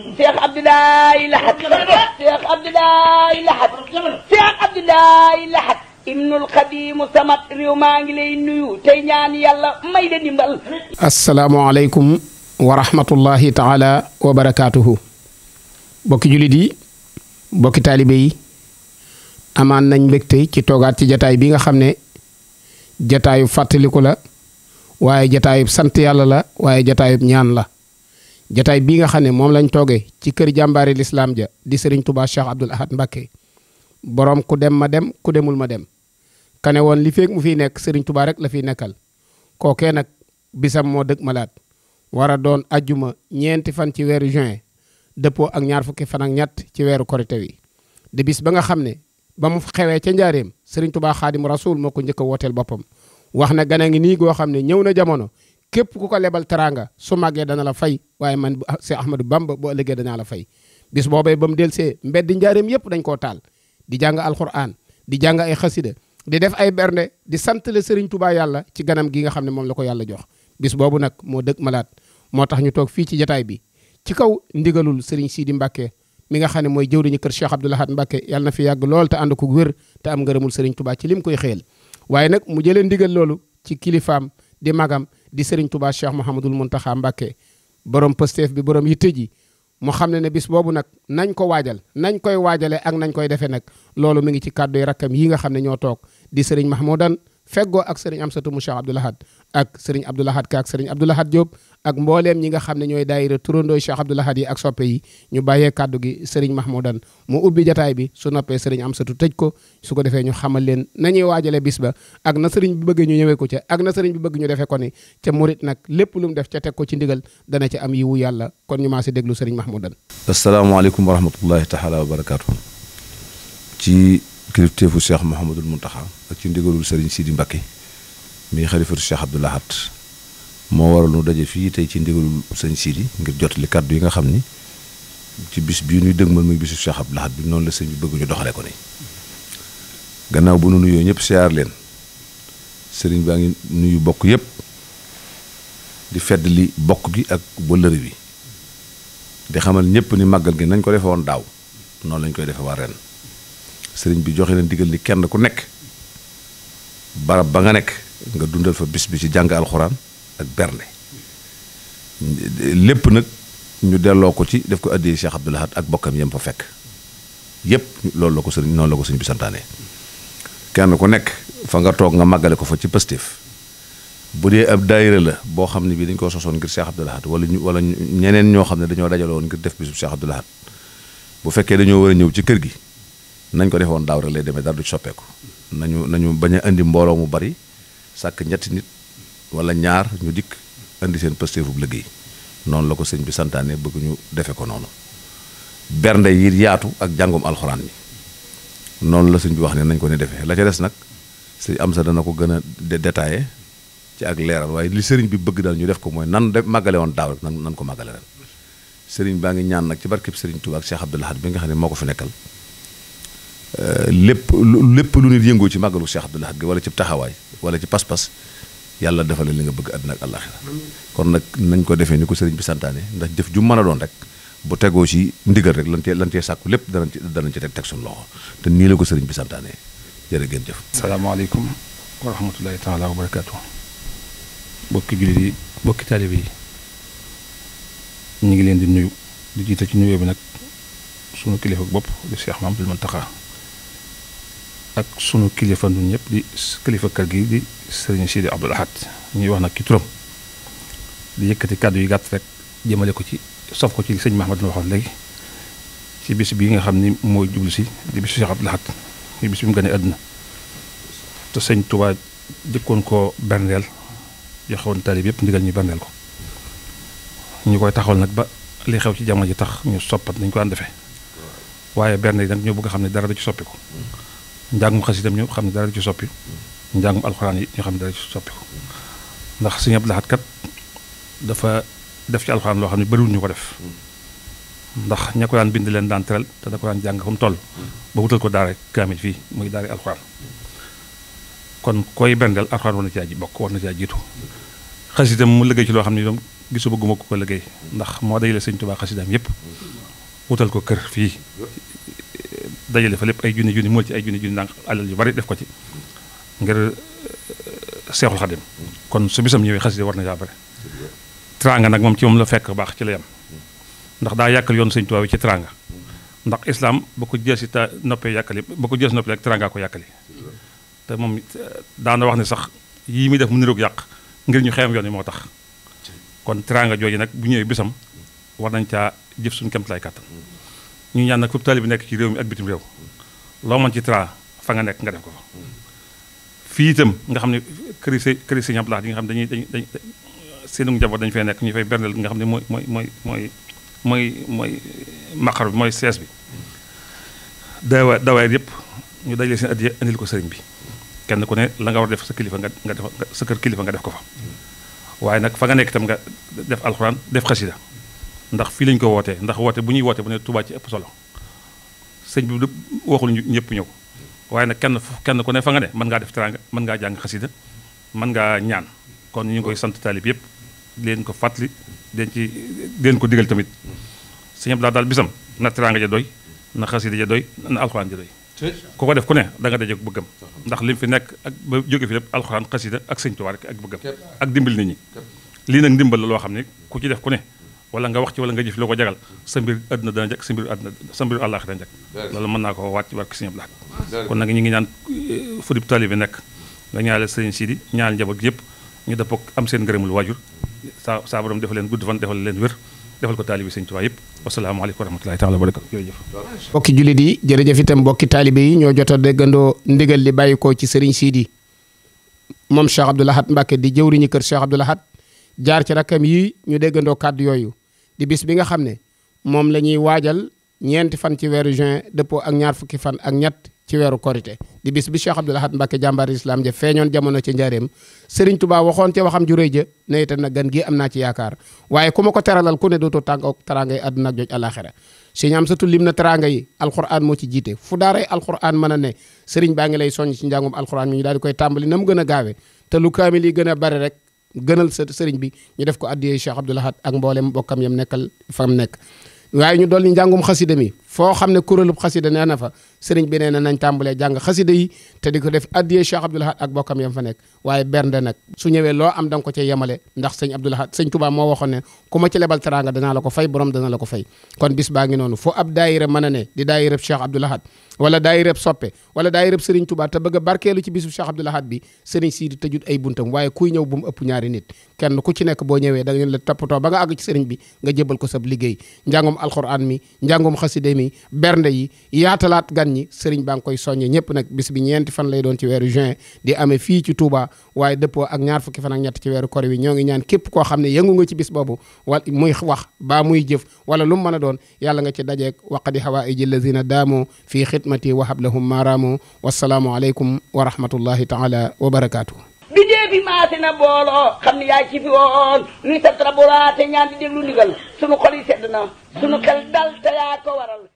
Cheikh Abdoulaye Lahad Cheikh Abdoulaye Lahad Cheikh Abdoulaye bokki jullit yi bokki taalibe yi amaan nañ mbégte ci toogaat ci jataay bii nga xam ne jataayub fàttaliku la waaye jataayub sant yàlla la waaye jataayub ñaan la jataay bii nga xam ne moom lañ toogee ci kër jàmbaari lislaam ja di sëriñ Touba Cheikh Abdoul Ahad Mbacké boroom ku dem ma dem ku demul ma dem kane woon li feeg mu fi nekk sëriñ Touba rek la fiy nekkal kookee nag bisam moo dëkk malaat war a doon ajjuma ñeenti fan ci weeru juin dëppoo ak ñaar fukki fan ak ñett ci weeru korite wi di bis ba nga xam ne ba mu xewee ca njaareem sëriñ Touba Xaadim Rasul moo ko njëkk wooteel boppam wax na gana ngi nii xam ne ñëw na jamono képp ku ko lebal teraanga su màggee dana la fay waaye man Seex Ahmadu Bamba boo ëllëgee danaa la fay bis boobee ba mu delsee mbedd njaareem yëpp dañ koo taal di jàng alxuraan di jàng ay xasida di def ay bernde di sant le Serigne Touba yàlla ci ganam gi nga xam ne moom la ko yàlla jox bis boobu nag moo dëkk malaat moo tax ñu toog fii ci jataay bi ci kaw ndigalul sii di Mbacke mi nga xam ne mooy jëwriñu kër Cheikh Abdoul Ahad Mbacke yàlla na fi yàgg lool te ànd ko wér te am ngërëmul koy xeel waaye nag mu jëlee di magam di Serigne Touba Cheikh Mouhamadul Mountakha Mbacké borom pësteef bi borom yitte ji mu xam ne ne bis boobu nag nañ ko waajal nañ koy waajalee ak nañ koy defee nag loolu mu ngi ci kàddu yi rakkam yi nga xam ne ñoo toog di Serigne Mahmoudan feggoo ak sëriñ Amsatu mu Cheikh Abdoul Ahad ak sëriñ Abdoul Ahad Ka ak sëriñ Abdoul Ahad Diop ak mbooleem ñi nga xam ne ñooy daayira turandoo Cheikh Abdoul Ahad yi ak soppe yi ñu bàyyee kàddu gi sëriñ Mahmoudan mu ubbi jataay bi su noppee sëriñ Amsatu tëj ko su ko defee ñu xamal leen nañuy waajale bis ba ak na sëriñ bi bëgg ñu ñëwee ko ca ak na sëriñ bi bëgg ñu defee ko ni ca murit nag lépp lu mu def ca teg ko ci ndigal dana ca am yiwu yàlla kon ñu maa si déglu sëriñ Mahmoudan asalaamaaleykum wa rahmatullahi taala wa barakaatu ci kilifteefu Cheikh Mouhamadul Mountakha ak ci ndigalul Serigne Sidi Mbacké mi xalifatu Cheikh Abdoul Ahad moo waral nu daje fii tey ci ndigalul Serigne Sidi ngir jot li kàddu yi nga xam ni ci bis bii ñuy dëgmal muy bisu Cheikh Abdoul Ahad bi noonu la sëñ bi bëgg ñu doxale ko ni gannaaw bu nu nuyoo ñëpp siyaar leen sëriñ baa ngi nuyu bokk yëpp di fedd li bokk gi ak wëllëri bi di xamal ñëpp ni màggal gi nañ ko defe woon daaw noonu lañ koy defe waa ren sëriñ bi joxe na diggal ni kenn ku nekk barab ba nga nekk nga dundal fa bis bi ci jàng alxuraan ak bernde lépp nag ñu delloo ko ci def ko addiyee Cheikh Abdou Lahad ak bokkam yem fa fekk yépp loolu la ko sëriñ noonu la ko sëriñ bi santaane kenn ku nekk fa nga toog nga màggale ko fa ci Pastef bu dee ab daayira la boo xam ne bii dañ koo sosoon ngir Cheikh Abdou Lahad wala ñu wala ñeneen ñoo xam ne dañoo dajaloon ngir def bisub Cheikh Abdou Lahad bu fekkee dañoo war a ñëw ci kër gi nañ ko defoon daaw rek lay demee dara du soppeeku nañu nañu bañ a indi mbooloo mu bari sàkk ñetti nit wala ñaar ñu dikk indi seen pëstéefub liggéey noonu la ko sëñ bi santaane bëgg ñu defe ko noonu bernde yi yaatu ak jàngum alxuraan yi la sëñ bi wax ne nañ ko ne defee la ca des nag sëñ am sa dana ko gën a détaillé ci ak leeral waaye li sëriñ bi bëgg daal ñu def ko mooy nan de màggale woon daaw rek nan nan ko màggale ren sëriñ baa ngi ñaan nag ci barkeb sëriñ Tuubaa ak Cheikh Abdoul bi nga xam ne moo ko fi nekkal Euh, lépp lépp lu nit yëngoo ci màggalu Cheikh Abdoul Ahad gi wala ci taxawaay wala ci pas-pas yàlla defal li nga bëgg àddina ak àllaaxira kon nag nañ ko defee ni ko sëriñ bi santaane ndax jëf ju mën a doon rek bu tegoo ci ndigal rek lan cee lan sàkku lépp danañ ci ci teg teg suñu loxo te nii la ko sëriñ bi santaane jërë ngeen jëf. salaamaaleykum wa rahmatulahi taala wa barakaatu. bokki jullit yi bokki taalibe yi ñu ngi leen di nuyu di jiite ci nuyoo bi nag sunu kilifa bopp di Cheikh Mamadou Mountakha. ak sunu kilifa nun ñëpp di kilifa kër gi di sëriñ Sidi Abdul Ahad ñuy wax nag ci turam di yëkkati kàddu yi gàtt rek jëmale ko ci sof ko ci sëñ Mahamad nu waxoon léegi ci bis bi nga xam ni mooy jublu si di bisu Cheikh Abdul Ahad ci bis bi mu gën a àdduna te sëñ Touba jëkkoon koo berndeel joxewoon taalib yëpp ndigal ñu berndeel ko ñu koy taxawal nag ba li xew ci jamono ji tax ñu soppat nañ ko ànd defee waaye bernde yi nag ñoo bëgg a xam ne dara du ci soppi ko njàngum xasitam ñu xam ne dara ci soppi njàngum alxuraan yi ñu xam ne dara ci soppi ko ndax Sëriñ Abdou Lahad dafa def ci alxuraan loo xam ne bëriwul ñu ko def ndax ña ko daan bind leen daan teral te da ko daan jàng fa mu toll ba wutal ko daara kaamil fii muy daara alxuraan kon koy berndeel alxuraan war na caa ji bokk war na caa jiitu xasitam mu liggéey ci loo xam ne doom gisu bëgguma ko ko liggéey ndax moo dajale Sëriñ Tuubaa xasidaam yëpp wutal ko kër fii dajale fa lépp ay junni junni mool ci ay junni junni ndànk alal yu bari def ko ci ngir euh, seexul xadim kon su bisam ñëwee xasida war na caa bare tranga nag moom ci moom la fekk baax ci la yam ndax daa yàkkal yoon sëñ tubaab yi ci tranga ndax islam boo ko jël si ta noppee yàkkali ba ko jël si rek tranga ko yàkkali te moom euh, daana wax ne sax yii muy def mu niroog yàq ngir ñu xeem yoon yi moo tax kon tranga jooju nag bu ñëwee bisam war nañ ca jëf suñ kemtalaay kàttan ñu ñaan nag fépp taalibe bi nekk ci réew mi ak bitim réew loo ci tra fa nga nekk nga def ko fa fii itam nga xam ne këri sa këri sëñ Abdou Lahad yi nga xam dañuy dañ dañ seenu njaboot fay nekk ñu fay berndeel nga xam ne mooy mooy mooy mooy mooy mooy bi mooy sees bi daawa daawaay yëpp ñu dajale seen addiya andil ko sëriñ bi kenn ku ne la nga war def sa kilifa nga nga def sa nga def ko fa waaye nag fa nga nekk itam nga def alxuraan def xasida ndax fii lañ ko wootee ndax woote bu ñuy wootee bu ne Touba ci ëpp solo sëñ bi waxul ñëpp ñëw waaye nag kenn kenn ku ne fa nga ne mën ngaa def teraanga mën ngaa jàng xasida man ngaa ñaan kon ñu koy sant taalib yëpp leen ko fàttali den ci leen ko digal tamit sëñ Abdou daal bisam na teraanga ja doy na xasida ja doy na alxuraan ja doy ku ko def ku ne da nga daje ak bëggam ndax lim fi nekk ak ba jóge fi lépp alxuraan xasida ak sëñ Tuubaa rek ak bëggam ak dimbal nit lii nag ndimbal la loo xam ne ku ci def ku ne wala nga wax ci wala nga jëf loo ko jagal sa mbir àdduna dana jag sa mbir àdduna sa mbir àllaax dana jag loolu mën naa ko wàcc ci barke Sëriñ Abdou Lahad kon nag ñu ngi ñaan eh, fu dib taalibe nekk nga ñaanal Sëriñ Sidi ñaanal njaboot gi yëpp ñu dëppoo am seen ngërëmul waajur saa defal leen gudd fan defal leen wér defal ko taalibe Sëriñ Tuubaa yëpp wasalaamaaleykum wa rahmatulahi taala wa barakatu jërëjëf mbokki jullit yi jërëjëf itam mbokki taalibe yi ñoo jot a déggandoo ndigal li bàyyi ko ci Sëriñ Sidi moom Cheikh Abdou Lahad Mbacké di jëwriñu kër Cheikh Abdou Lahad jaar ci rakkam yi ñu déggandoo kàddu yooyu di bis bi nga xam ne moom la ñuy waajal ñeenti fan ci weeru juin dëppoo ak ñaar fukki fan ak ñett ci weeru korite di bis bi Cheikh Abdoul Ahad Mbacke jàmbaar islam ja jamono ci njaareem Serigne Touba waxoon ca waxam ju rëy ja ne nag gan gi am naa ci yaakaar waaye ku ma ko teralal ku ne dootoo tàngook teraanga yi àdduna ak jooj alaxira Serigne am satul lim na teraanga yi alquran moo ci jiite fu daaray alquran mën a ne Serigne baa ngi lay soññ ci njàngum alquran mi ñu daal di koy tàmbali na mu gën a gaawe te lu kaamil yi a bari rek gënal sa sëriñ bi ñu def ko addiyee Cheikh Abdoul Ahad ak mboolem bokkam yam nekkal fam nekk waaye ñu dool dolli njàngum xasida mi foo xam ne kuréelub xasida nee na fa sëriñ bi ne na nañ tàmbalee jàng xasida yi te di ko def addiyee Cheikh Abdoul Ahad ak bokkam yam fa nekk waaye bernde nag su ñëwee loo am da nga ko cay yemale ndax sëñ Abdoul Ahad sëñ moo waxoon ne ku ma ci lebal teraanga danaa la ko fay borom dana la ko fay kon bis baa ngi noonu foo ab daayira mën a ne di daayirab Cheikh Abdoul Ahad wala daayirab soppe wala daayirab sëriñ Touba te bëgg a barkeelu ci bisu Cheikh Abdoul Ahad bi sëriñ Sidi tëjut ay waaye kuy ñëw bu mu ëpp ñaari nit kenn ku ci nekk boo ñëwee da ngeen la toppatoo ba nga àgg ci sëriñ bi nga jébal ko sab liggéey njàngum alxuraan mi njàngum xasida mi mi bernde yi yaatalaat gan ñi sëriñ baa ngi koy ñëpp nag bis bi ñeenti fan lay doon ci weeru juin di amee fii ci Touba waaye dëppoo ak ñaar fukki fan ak ñett ci weeru kor wi ñoo ngi ñaan képp koo xam ne yëngu nga ci bis boobu wala muy wax ba muy jëf wala lu mu mën a doon yàlla nga ci dajeeg waqadi hawaaiji lazina daamu fii xidmati wa hablahum maaraamu wasalaamu aleykum wa rahmatullahi taala wa barakaatuhu bidee bi maase na booloo xam ne yaa ci fi woon nuy sabtara boolaate ñaan di déglu ndigal sunu xol yi sedd na sunu xel dal te yaa ko waral